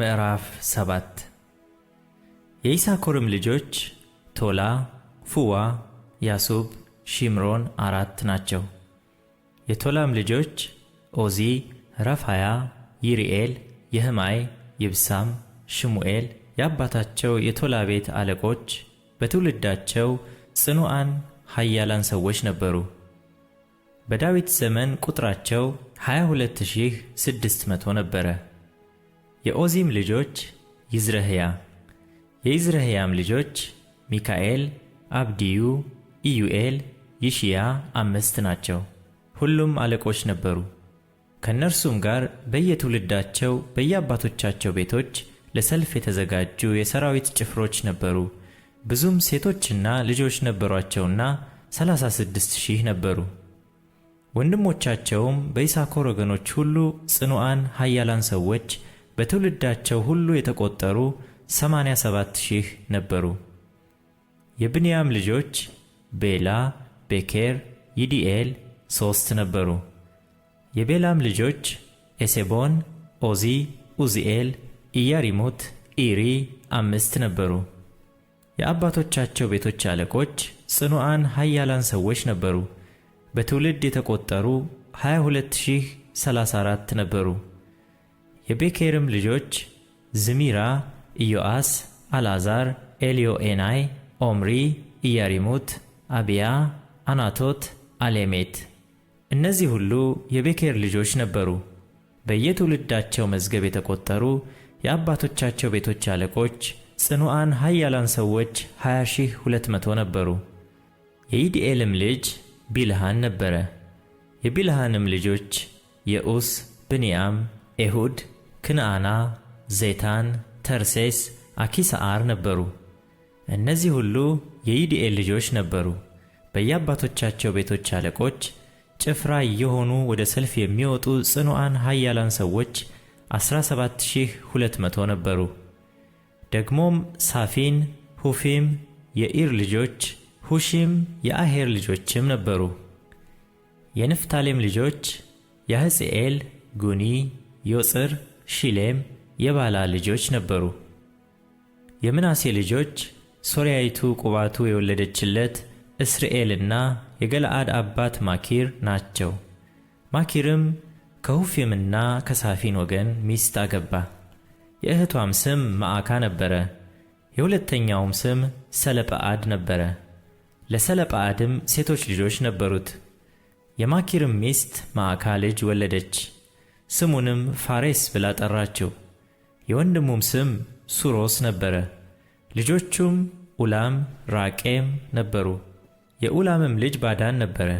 ምዕራፍ ሰባት የይሳኮርም ልጆች ቶላ፣ ፉዋ፣ ያሱብ፣ ሺምሮን አራት ናቸው። የቶላም ልጆች ኦዚ፣ ረፋያ፣ ይሪኤል፣ የህማይ፣ ይብሳም፣ ሽሙኤል የአባታቸው የቶላ ቤት አለቆች በትውልዳቸው ጽኑዓን ኃያላን ሰዎች ነበሩ። በዳዊት ዘመን ቁጥራቸው 22600 ነበረ። የኦዚም ልጆች ይዝረሕያ። የይዝረሕያም ልጆች ሚካኤል፣ አብድዩ፣ ኢዩኤል፣ ይሽያ አምስት ናቸው። ሁሉም አለቆች ነበሩ። ከእነርሱም ጋር በየትውልዳቸው በየአባቶቻቸው ቤቶች ለሰልፍ የተዘጋጁ የሰራዊት ጭፍሮች ነበሩ። ብዙም ሴቶችና ልጆች ነበሯቸውና ሠላሳ ስድስት ሺህ ነበሩ። ወንድሞቻቸውም በይሳኮር ወገኖች ሁሉ ጽኑዓን ኃያላን ሰዎች በትውልዳቸው ሁሉ የተቆጠሩ 87000 ነበሩ። የብንያም ልጆች ቤላ፣ ቤኬር፣ ይዲኤል ሶስት ነበሩ። የቤላም ልጆች ኤሴቦን፣ ኦዚ፣ ኡዚኤል፣ ኢያሪሙት፣ ኢሪ አምስት ነበሩ። የአባቶቻቸው ቤቶች አለቆች ጽኑዓን ኃያላን ሰዎች ነበሩ። በትውልድ የተቆጠሩ 22034 ነበሩ። የቤኬርም ልጆች ዝሚራ፣ ኢዮአስ፣ አልዓዛር፣ ኤልዮኤናይ፣ ኦምሪ፣ ኢያሪሙት፣ አብያ፣ አናቶት፣ አሌሜት። እነዚህ ሁሉ የቤኬር ልጆች ነበሩ። በየትውልዳቸው መዝገብ የተቆጠሩ የአባቶቻቸው ቤቶች አለቆች ጽኑዓን ኃያላን ሰዎች 20200 ነበሩ። የይድኤልም ልጅ ቢልሃን ነበረ። የቢልሃንም ልጆች የኡስ፣ ብንያም፣ ኤሁድ ክንአና፣ ዜታን፣ ተርሴስ፣ አኪሳአር ነበሩ። እነዚህ ሁሉ የይዲኤል ልጆች ነበሩ። በየአባቶቻቸው ቤቶች አለቆች ጭፍራ እየሆኑ ወደ ሰልፍ የሚወጡ ጽኑዓን ኃያላን ሰዎች 17200 ነበሩ። ደግሞም ሳፊን፣ ሁፊም የኢር ልጆች፣ ሁሺም የአሄር ልጆችም ነበሩ። የንፍታሌም ልጆች ያሕጽኤል፣ ጉኒ፣ ዮጽር ሺሌም የባላ ልጆች ነበሩ። የምናሴ ልጆች ሶርያይቱ ቁባቱ የወለደችለት እስርኤልና የገለዓድ አባት ማኪር ናቸው። ማኪርም ከሁፊምና ከሳፊን ወገን ሚስት አገባ። የእህቷም ስም ማዕካ ነበረ። የሁለተኛውም ስም ሰለጳአድ ነበረ። ለሰለጳአድም ሴቶች ልጆች ነበሩት። የማኪርም ሚስት ማዕካ ልጅ ወለደች። ስሙንም ፋሬስ ብላ ጠራችው። የወንድሙም ስም ሱሮስ ነበረ። ልጆቹም ኡላም፣ ራቄም ነበሩ። የኡላምም ልጅ ባዳን ነበረ።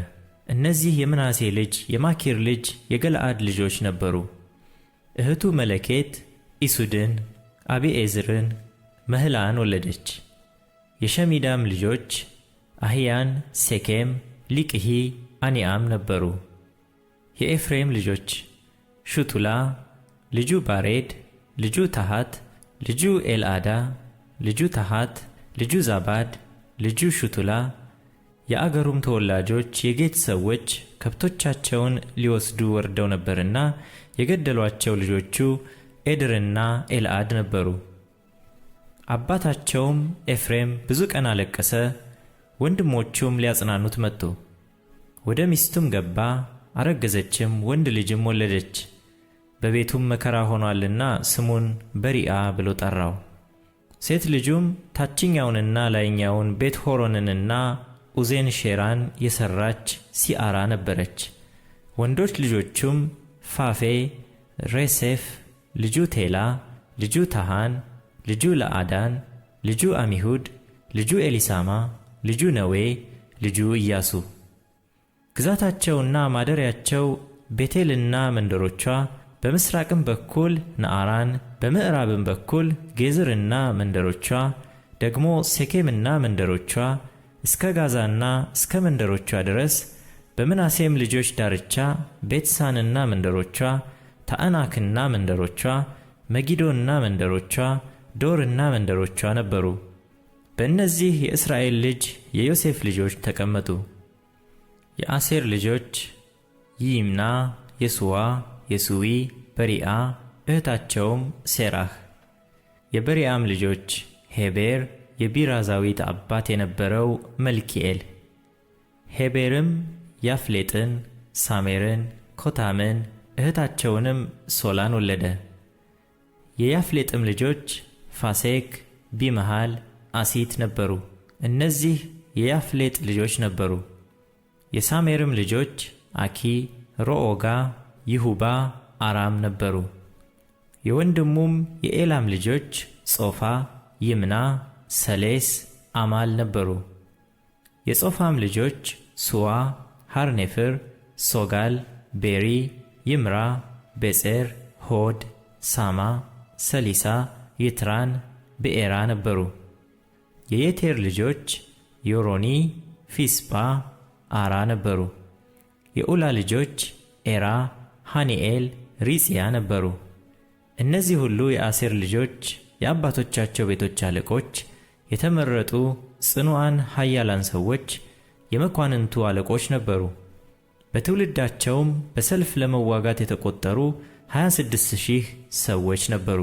እነዚህ የምናሴ ልጅ የማኪር ልጅ የገለአድ ልጆች ነበሩ። እህቱ መለኬት ኢሱድን፣ አቢኤዝርን፣ መህላን ወለደች። የሸሚዳም ልጆች አህያን፣ ሴኬም፣ ሊቅሂ፣ አኒአም ነበሩ። የኤፍሬም ልጆች ሹቱላ ልጁ ባሬድ ልጁ ታሃት ልጁ ኤልአዳ ልጁ ታሃት ልጁ ዛባድ ልጁ ሹቱላ የአገሩም ተወላጆች የጌት ሰዎች ከብቶቻቸውን ሊወስዱ ወርደው ነበርና የገደሏቸው ልጆቹ ኤድርና ኤልአድ ነበሩ። አባታቸውም ኤፍሬም ብዙ ቀን አለቀሰ፣ ወንድሞቹም ሊያጽናኑት መጡ። ወደ ሚስቱም ገባ፣ አረገዘችም፣ ወንድ ልጅም ወለደች። በቤቱም መከራ ሆኗልና ስሙን በሪአ ብሎ ጠራው። ሴት ልጁም ታችኛውንና ላይኛውን ቤት ሆሮንንና ኡዜን ሼራን የሠራች ሲአራ ነበረች። ወንዶች ልጆቹም ፋፌ፣ ሬሴፍ፣ ልጁ ቴላ፣ ልጁ ታሃን፣ ልጁ ለአዳን፣ ልጁ አሚሁድ፣ ልጁ ኤሊሳማ፣ ልጁ ነዌ፣ ልጁ ኢያሱ። ግዛታቸውና ማደሪያቸው ቤቴልና መንደሮቿ በምስራቅም በኩል ነአራን፣ በምዕራብም በኩል ጌዝርና መንደሮቿ፣ ደግሞ ሴኬምና መንደሮቿ እስከ ጋዛና እስከ መንደሮቿ ድረስ በምናሴም ልጆች ዳርቻ ቤትሳንና መንደሮቿ፣ ታዕናክና መንደሮቿ፣ መጊዶና መንደሮቿ፣ ዶርና መንደሮቿ ነበሩ። በእነዚህ የእስራኤል ልጅ የዮሴፍ ልጆች ተቀመጡ። የአሴር ልጆች ይምና፣ የሱዋ የሱዊ በሪአ እህታቸውም ሴራህ። የበሪአም ልጆች ሄቤር የቢራዛዊት አባት የነበረው መልኪኤል። ሄቤርም ያፍሌጥን፣ ሳሜርን፣ ኮታምን እህታቸውንም ሶላን ወለደ። የያፍሌጥም ልጆች ፋሴክ፣ ቢመሃል፣ አሲት ነበሩ። እነዚህ የያፍሌጥ ልጆች ነበሩ። የሳሜርም ልጆች አኪ፣ ሮኦጋ ይሁባ አራም ነበሩ። የወንድሙም የኤላም ልጆች ጾፋ፣ ይምና፣ ሰሌስ፣ አማል ነበሩ። የጾፋም ልጆች ሱዋ፣ ሐርኔፍር፣ ሶጋል፣ ቤሪ፣ ይምራ፣ ቤጼር፣ ሆድ፣ ሳማ፣ ሰሊሳ፣ ይትራን፣ ብኤራ ነበሩ። የየቴር ልጆች ዮሮኒ፣ ፊስጳ፣ አራ ነበሩ። የኡላ ልጆች ኤራ፣ ሐኒኤል፣ ሪጽያ ነበሩ። እነዚህ ሁሉ የአሴር ልጆች የአባቶቻቸው ቤቶች አለቆች፣ የተመረጡ ጽኑዓን ኃያላን ሰዎች፣ የመኳንንቱ አለቆች ነበሩ። በትውልዳቸውም በሰልፍ ለመዋጋት የተቆጠሩ 26 ሺህ ሰዎች ነበሩ።